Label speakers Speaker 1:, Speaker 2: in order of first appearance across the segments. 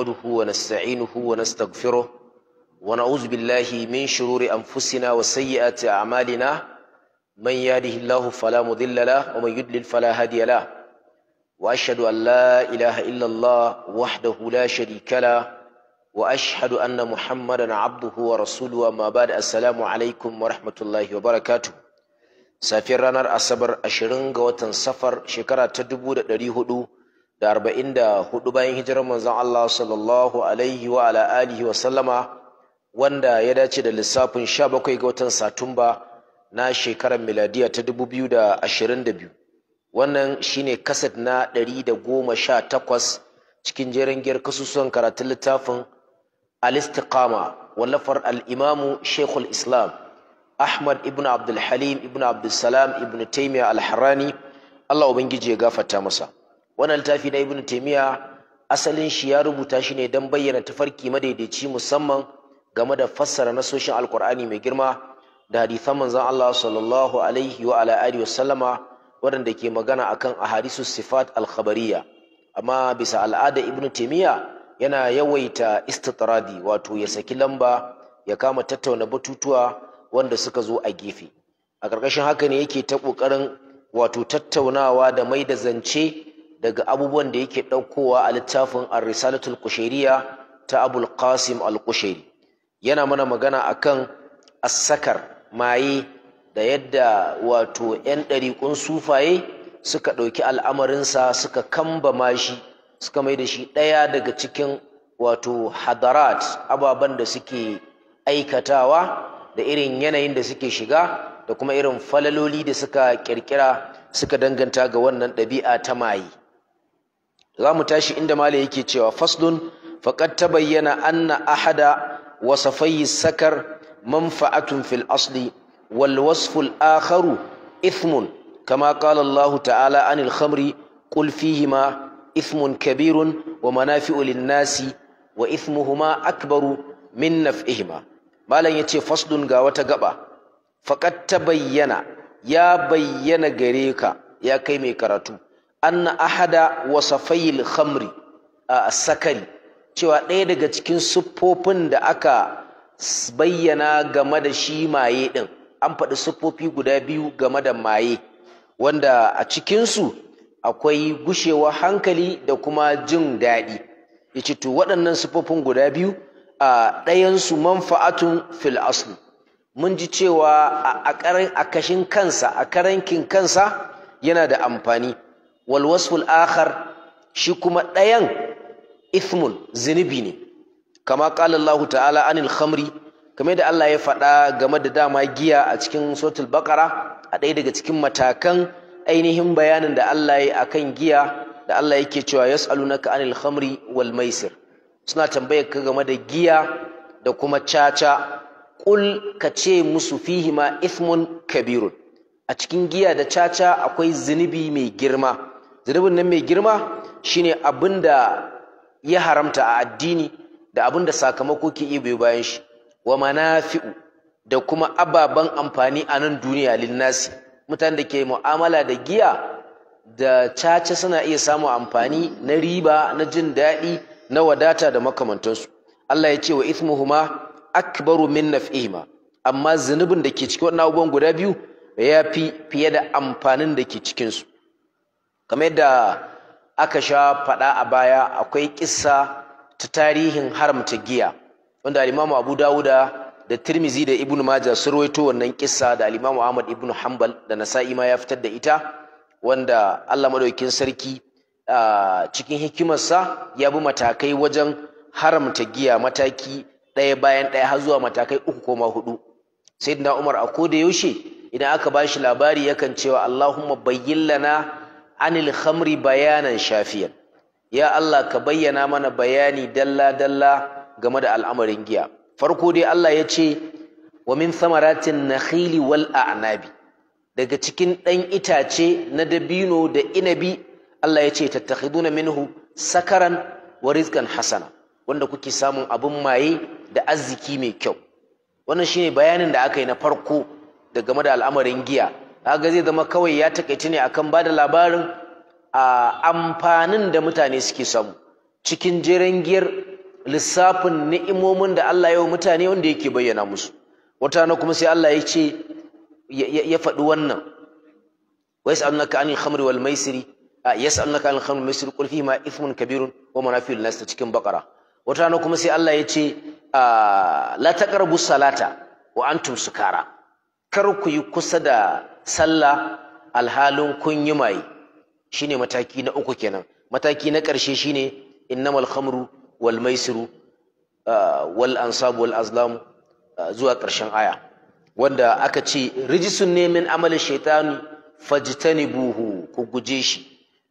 Speaker 1: نحمده ونستعينه ونستغفره ونعوذ بالله من شرور أنفسنا وسيئات أعمالنا من يهده الله فلا مضل له ومن يضلل فلا هادي له وأشهد أن لا إله إلا الله وحده لا شريك له وأشهد أن محمدا عبده ورسوله وما بعد السلام عليكم ورحمة الله وبركاته safiyar ranar asabar ashirin ga watan safar shekara ta dubu da ɗari hudu da arba'in da hudu bayan hijirar manzon Allah sallallahu alaihi wa ala wa sallama wanda ya dace da lissafin sha bakwai ga watan Satumba na shekarar miladiya ta dubu biyu da ashirin da biyu wannan shine kaset na ɗari da goma sha takwas cikin jerin giyar kasusuwan karatun littafin alistiqama, wallafar alimamu imamu shekul islam ahmad ibn abdulhalim ibn abdulsalam ibn taimiya al allah ubangiji ya gafata masa wannan littafi na ibnu taimiya asalin shi ya rubuta shi ne don bayyana tafarki madaidaici musamman game da fassara nasoshin alkur'ani mai girma da hadithan manzon Allah sallallahu alaihi wa ala alihi wasallama waɗanda ke magana akan ahadisu sifat alkhabariya amma bisa al'ada ibnu taimiya yana yawaita istitradi wato ya saki lamba ya kama tattauna batutuwa wanda suka zo a gefe a ƙarƙashin haka ne yake ta ƙoƙarin wato tattaunawa da mai da zance daga abubuwan da yake ɗaukowa a littafin ar-risalatul kushairiya ta abul qasim al-kushairi yana mana magana a kan sakar maye da yadda wato 'yan ɗariƙun sufaye suka ɗauki al'amarinsa suka kamba mashi suka mai da shi ɗaya daga cikin wato hadarat ababen da suke aikatawa da irin yanayin da suke shiga da kuma irin falaloli da suka ƙirƙira suka danganta ga wannan ɗabi'a ta maye za mu tashi inda malai yake cewa faslun faqad tabayyana anna ahada wasafai sakar manfa'atun fil asli wal wasful akharu ithmun kama qala Allah ta'ala anil khamri qul fihima ithmun kabirun wa manafi'u lin nasi wa ithmuhuma akbaru min naf'ihima malam yace faslun ga wata gaba faqad tabayyana ya bayyana gare ka ya kai mai karatu anna ahada وصفي khamri a sakari cewa ɗaya daga cikin siffofin da aka bayyana game da shi maye ɗin an faɗi siffofi guda biyu game da maye wanda a cikinsu akwai gushewa hankali da kuma jin daɗi ya ce to waɗannan siffofin guda biyu a ɗayansu manfa'atun fil asli mun ji cewa a kashin kansa a karankin kansa yana da amfani wal akhar shi kuma ɗayan ithmun zinubi ne kama qala Allah ta'ala anil khamri kamar da Allah ya faɗa game da dama giya a cikin suratul bakara a ɗaya daga cikin matakan ainihin bayanin da Allah ya akan giya da Allah yake cewa yas'alunaka anil khamri wal maisir suna tambayar ka game da giya da kuma caca ƙul ka ce musu fihima ma ithmun kabirun a cikin giya da caca akwai zinubi mai girma zunubin nan mai girma shine abin da ya haramta a addini da abin da sakamako ke iya bai bayan shi wa manafi'u da kuma ababen amfani a nan duniya linnasi mutane da ke mu'amala da giya da caca suna iya samun amfani na riba na jin daɗi na wadata da makamantansu Allah ya ce wa ithmuhuma akbaru min naf'ihima amma zunubin da ke cikin wannan abubuwan guda biyu ya fi fiye da amfanin da ke cikinsu kamar yadda aka sha faɗa a baya akwai kisa ta tarihin haramta giya wanda alimamu Abu Dawuda da Tirmizi da Ibn Majah sun rawaito wannan kisa da alimamu Ahmad Ibn Hanbal da Nasa'i ma ya fitar da ita wanda Allah maɗaukin sarki cikin hikimarsa ya bi matakai wajen haramta giya mataki ɗaya bayan ɗaya har zuwa matakai uku koma hudu na Umar a ko da yaushe idan aka bashi labari yakan cewa Allahumma bayyin lana anil khamri bayanan shafiyan ya Allah ka bayyana mana bayani dalla dalla game da al'amarin giya farko dai Allah ya ce wa min samaratin nakhili wal a'nabi daga cikin ɗan itace na dabino da inabi Allah ya ce tattakhiduna minhu sakaran wa rizqan hasana wanda kuke samun abin maye da arziki mai kyau wannan shine bayanin da aka yi na farko da game da al'amarin giya kaga zai zama kawai ya takaici ne akan bada labarin a amfanin da mutane suke samu cikin jirangiyar lissafin ni'imomin da Allah ya wa mutane wanda yake bayyana musu wata na kuma sai Allah ya ce ya faɗi wannan wa yas'alunaka anil khamri wal maisiri yas'alunaka anil khamri wal maisiri qul fihi ma ithmun kabirun wa manafi'un nas cikin baqara wata na kuma sai Allah ya ce la taqrabu salata wa antum sukara kar ku yi kusa da sallah alhalin kun yi maye shine mataki na uku kenan mataki na ƙarshe shine innamal khamru wal maisiru ah, wal ansabu wal azlam ah, zuwa ƙarshen aya wanda aka ce rijisun ne min amalin shaitani fajtanibuhu ku guje shi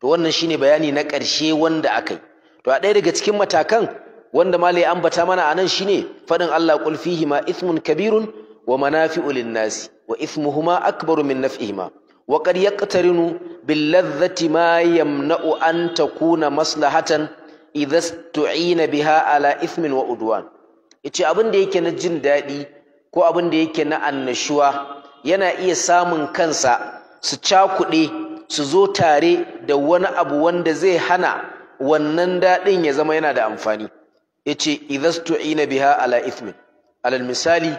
Speaker 1: to wannan shine bayani na ƙarshe wanda aka yi to a ɗaya daga cikin matakan wanda malai ambata mana anan shine faɗin Allah qul fihi ma ithmun kabirun wa manafi'u lin-nasi wa ithmuhuma akbaru min naf'ihima wa qad yaqtarinu bil ladhati ma yamna'u an takuna maslahatan idza tu'ina biha ala ithmin wa udwan yace abin da yake na jin daɗi ko abin da yake na annashuwa yana iya samun kansa su cakuɗe su zo tare da wani abu wanda zai hana wannan daɗin ya zama yana da amfani yace idza stu'ina biha ala ithmin alal misali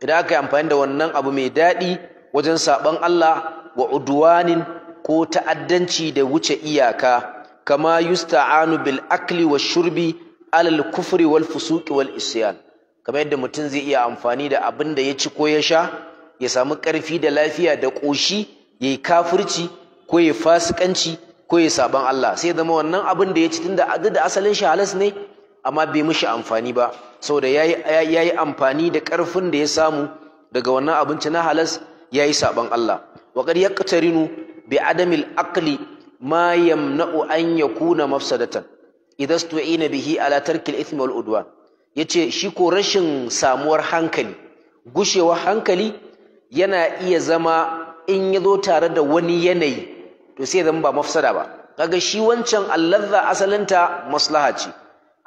Speaker 1: idan aka yi amfani da wannan abu mai daɗi wajen saɓon Allah wa uduwanin ko ta'addanci da wuce iyaka kama yusta'anu bil akli wa shurbi alal kufri wal fusuqi wal isyan kamar yadda mutum zai iya amfani da abin da ya ci ko ya sha ya samu ƙarfi da lafiya da ƙoshi ya yi kafirci ko ya fasikanci ko ya saɓon Allah sai zama wannan abin da ya ci tun da asalin shi halas ne amma bai mishi amfani ba saboda ya yi amfani da ƙarfin da ya samu daga wannan abinci na halas ya yi saɓan Allah wa qad yaqtarinu bi adamil aqli ma yamna'u an yakuna mafsadatan idza stu'ina bihi ala tarkil ithmi wal udwan yace shi ko rashin samuwar hankali gushewa hankali yana iya zama in ya zo tare da wani yanayi to sai zama ba mafsada ba kaga shi wancan allazza asalinta maslaha ce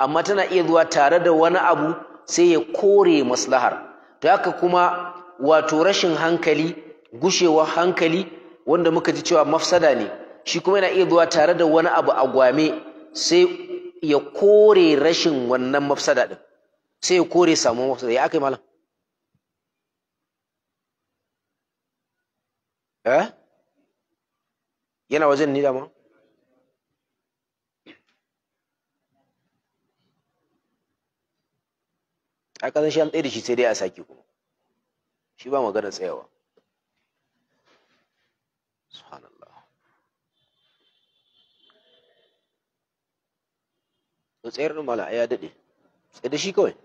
Speaker 1: amma tana iya zuwa tare da wani abu sai ya kore maslahar to haka kuma wato rashin hankali gushewar hankali wanda muka ji cewa mafsada ne shi kuma yana iya zuwa tare da wani abu a gwame sai ya kore rashin wannan mafsada din sai ya kore samun mafsada ya aka yi malam eh? yana wajen ni dama a ƙasar shi an tsaye da shi sai dai a sake kuma shi ba magana tsayawa subhanallah to tsayar da mala ya daɗe tsaye da shi kawai